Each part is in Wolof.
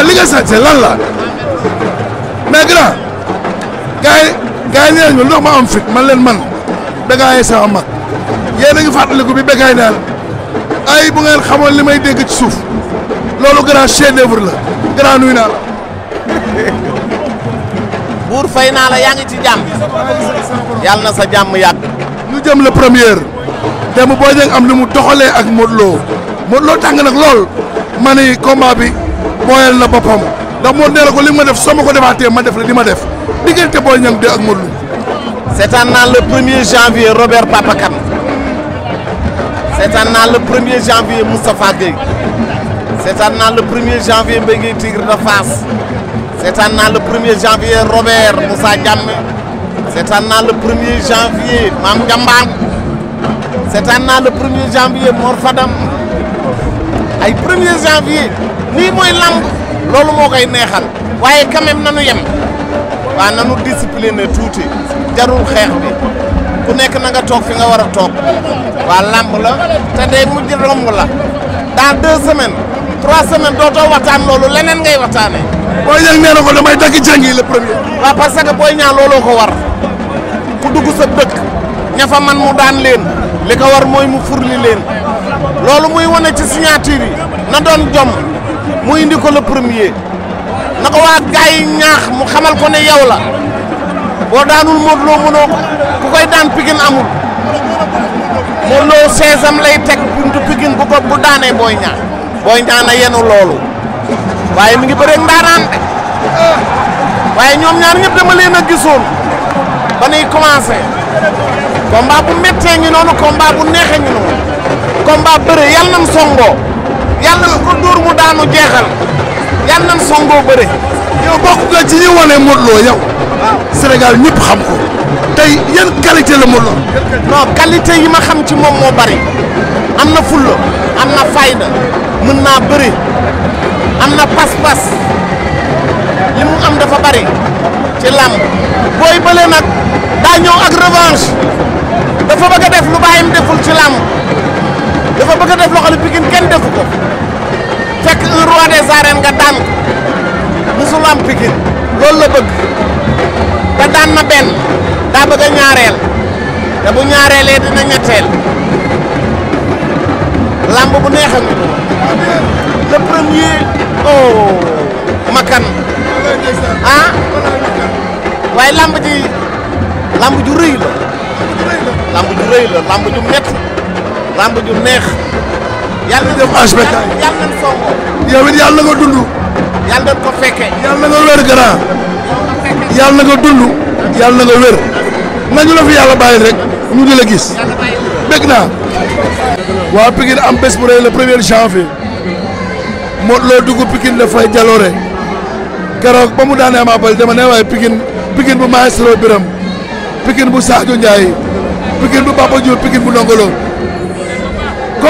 grand li nga sañse lan la mais grand gars yi gars yi nee ma lu tax ma man leen man Bécaye sama mag yéen a ngi fàttaliku bi Bécaye naan ay bu ngeen xamoon li may dégg ci suuf loolu grand chef d'œuvre la grand nuyu naa la. buur fay naa la yaa ngi ci jàmm yàlla na sa jàmm yàgg. ñu jëm la premier dem boo jëng am lu mu doxalee ak Modou Lo Modou Lo lool ma ni combat booyal na boppam ndax moo nee li ma def soo ma ko defaatee ma def la li ma def diggante Boy Niang 2 ak Modou seetaan naa le premier janvier Robert Papakan seetaan naa le premier janvier Moustapha Gueye seetaan naa le premier janvier Mbaye Gueye Tigre de seetaan naa le premier janvier Robert Moussa Diame seetaan naa le premier janvier Mame Ndiambaan seetaan naa le premier janvier Mor Fadam ay premier janvier. lii mooy làmb loolu moo koy neexal waaye quand nanu yem waa nanu discipliné tuuti jarul xeex bi ku nekk na nga toog fi nga war a toog waa làmb la te day mujj romb la dans deux semaines trois semaines dootoo waxtaan loolu leneen ngay waxtaanee. booy yëg nee ko damay dagg jàng yi le premier. waaw parce que booy ñaa ko war ku dugg sa dëkk fa man mu daan leen li ko war mooy mu furli leen loolu muy wane ci signature yi na doon jom. mu indi ko la premier na ko waa gars ñaax mu xamal ko ne yow la boo daanul Modou Lo mënoo ku koy daan Pikine amul Modou Lo seesam lay teg buntu Pikine bu ko bu daanee Boy Niang Boy Niang na yenu loolu waaye mi ngi bëreeg ndaanaan de waaye ñoom ñaar ñëpp dama leen a gisoon ba nuy commencé combat bu méttee ngi noonu combat bu neexee ngi noonu combat bëre yàlla nam songoo yàlla ko dóor mu daanu jeexal yàlla nañ songoo bëre. yow bokk nga ci ñi wane Modou Lo yow. waaw Sénégal ñëpp xam ko. tey yan qualité la Modou Lo. non yi ma xam ci moom moo bari am na fulla am na fayda mën naa bëre am na pas li mu am dafa bari ci làmb booy bële nag daa ñëw ak revanche. dafa bëgg a def loxo li Pikine kenn defu ko fekk un roi nga daan ko musul am la bëgg te daan na benn daa bëgg ñaareel te bu ñaareelee dina ñetteel lamb bu neex a le oh, makan ah waaye lamb ji lamb ju rëy lamb ju rëy lamb ju metti lamb ju neex. yàlla nañ ko yàlla na ko dund. yàlla nañ ko fekkee. yàlla na ko wér grand. yàlla na ko dund. yàlla na ko wér. nañu la fi yàlla rek ñu jël la gis. dégg naa. waa Pikine am bés bu rëy le premier janvier. Modou Lo dugg Pikine dafay jaloore. keroog ba mu daanee Ama Baldé dama ne waaye Pikine bu maestro Biram Pikine bu Sadio Ndiaye bu Papa Diouf bu Ndongolo.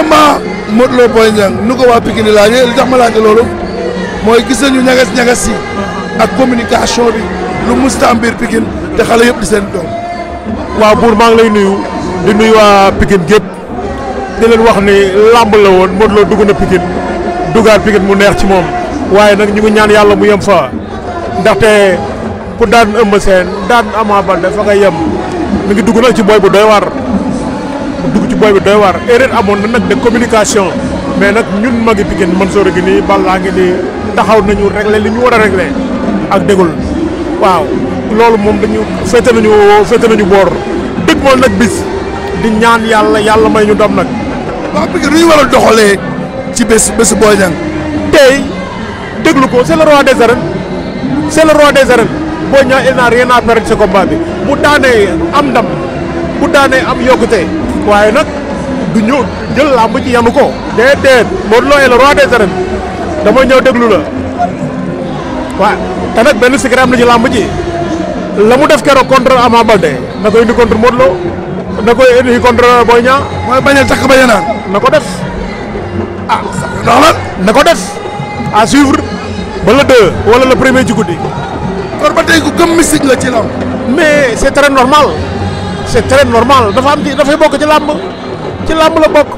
combat Modou Lo Boy Niang nu ko waa Pikine laajee li tax ma laajte loolu mooy gis nañu ñagas ñagas yi ak communication bi lu musta am biir Pikine te xale yëpp di seen doom. waaw buur maa ngi lay nuyu di nuyu waa Pikine gépp di leen wax ni làmb la woon Modou Lo dugg na Pikine duggaat Pikine mu neex ci moom waaye nag ñu ngi ñaan yàlla mu yem fa ndaxte ku daan ëmb seen daan Ama Baldé fa nga yem mi ngi dugg nag ci booy bu doy war dugg ci booy bi doy waar erreur amoon na nag de communication mais nag ñun magi Pikine Mansour gi nii Balla ngi nii taxaw nañu réglé li ñu war a réglé ak dégul waaw loolu moom dañu féete nañu féete nañu boor dëgg moom nag bis di ñaan yàlla yàlla may ñu dam nag. waaw Pikine lu ñu war a doxalee ci bés bésu Boy Niang tey déglu ko c'est le roi des arènes c'est le roi des arènes Boy Niang il n'a rien à perdre ci bi bu daanee am ndam bu daanee am yokkute. waaye nag du ñëw jël làmb ci yamu ko. déedéet Modou Lo est le roi des arènes dama ñëw déglu la waaw te nag benn secret am na ci làmb ji la mu def keroog contre Ama Baldé na koy indi contre Modou Lo na koy indi contre Boy Niang. mooy bañ a takk bañ a na ko def ah. sax ko def à suivre ba le deux wala le premier ci guddi. kon ba tey ku gëm la ci làmb. mais c'est très normal. c'est très normal dafa am ci dafay bokk ci làmb ci làmb la bokk.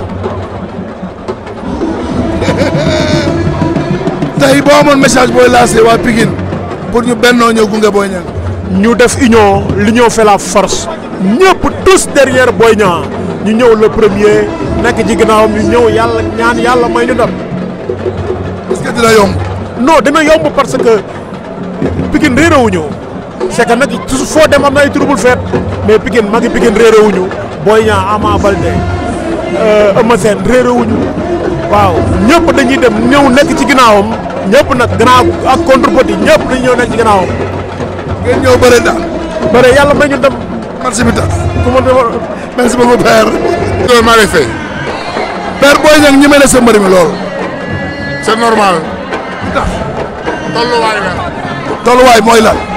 tey boo amoon message booy lancé waa Pikine pour ñu bennoo ñëw gunge Boy Niang. ñu def union l'union fait la force ñëpp tous derrière Boy Niang ñu ñëw le premier nekk ci ginnaawam ñu ñëw yàlla ñaan yàlla may ñu dem. est que dina yomb. non dina yomb parce que Pikine réerewuñu c'est que nag toujours foo dem am na ay trouble fête mais Pikine magi Pikine réeré wuñu Boy Niang Ama Baldé euh, Eumeu Sène réeré wuñu waaw ñëpp dañuy dem ñëw nekk ci ginnaawam ñëpp nag gannaaw ak contre petit ñëpp dañuy ñëw nekk ci ginnaawam. ngeen ñëw bëre daal. bëre yàlla may ñu dem. merci beaucoup. merci beaucoup père. loolu maa ngi fay. père Boy Niang ñi mel sa mbëri mi lool. c'est normal. ndax tolluwaay la. tolluwaay mooy la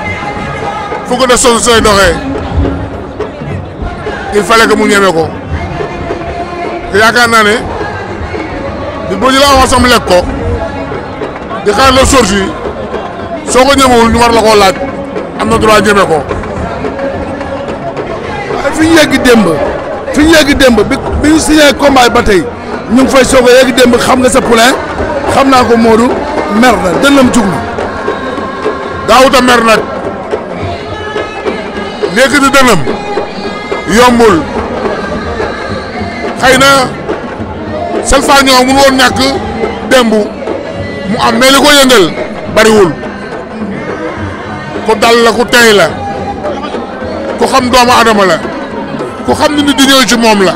fu ko def sosu sooy il fallait que mu ñeme ko te yaakaar naa ne di boo jëlee avance am lekk ko di xaar la sorti soo ko ñemewul ñu war ko laaj am na droit ñeme ko. waaye fi ñu yegg démb fi ñu yegg démb bi bi ñu signé combat ba tey ñu ngi fay soog a yegg démb xam na sa poulain xam naa ko Modou mer na dënnam jug na daawuta mer nag. yëkkati dënam yombul xëy na salfaañoo mun woon ñàkk démb mu am mais li ko bariwul ku dal la ku tey la ku xam doomu adama la ku xam ni nit di ñëw ci moom la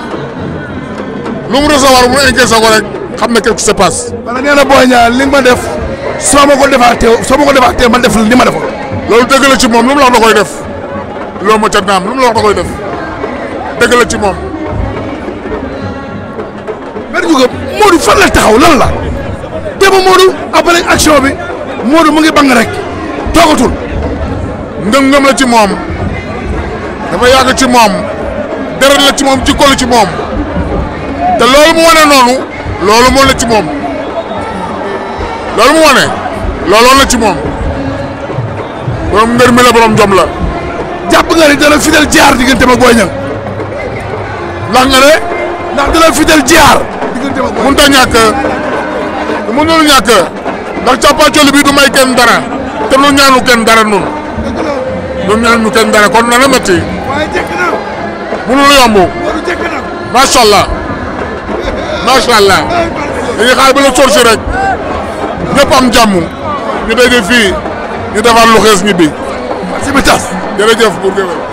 lu mu recevoir mu encaissé ko rek xam na quelque se passe. wala nee na booy ñaar li nga ma def soo ma ko defaatee soo ma ko defaatee ma def li ma defoon. loolu dëgg la ci moom lu mu la wax koy def. loo ma ca naam lu mu la wax koy def dëgg ci moom. benn ñu gëm Modou fan taxaw lan la démb Modou après action bi Modou mu ngi bang rek toogatul. ngëm ci moom dafa yàgg ci moom deret la ci moom jikko la ci moom te loolu mu wane noonu loolu moo la ci moom loolu mu wane looloo la ci moom borom mbir mi la borom jom la. jàpp nga ne dana fidèle jiyaar diggante ma Boy Niang ndax nga ne ndax dana fidèle jiyaar diggante ma Boy Niang mënut a ñàkk mënul ñàkk ndax càppaacoli du may kenn dara te nu ñaanu kenn dara nun nu ñaanu kenn dara kon nana métti waaye jekk na mënul allah macha allah dañuy xaar ba sorsi rek ñëpp am jàmm ñu dégg fii ñu defar lu xees ñibbi bi jërëjëf Bour Gueweul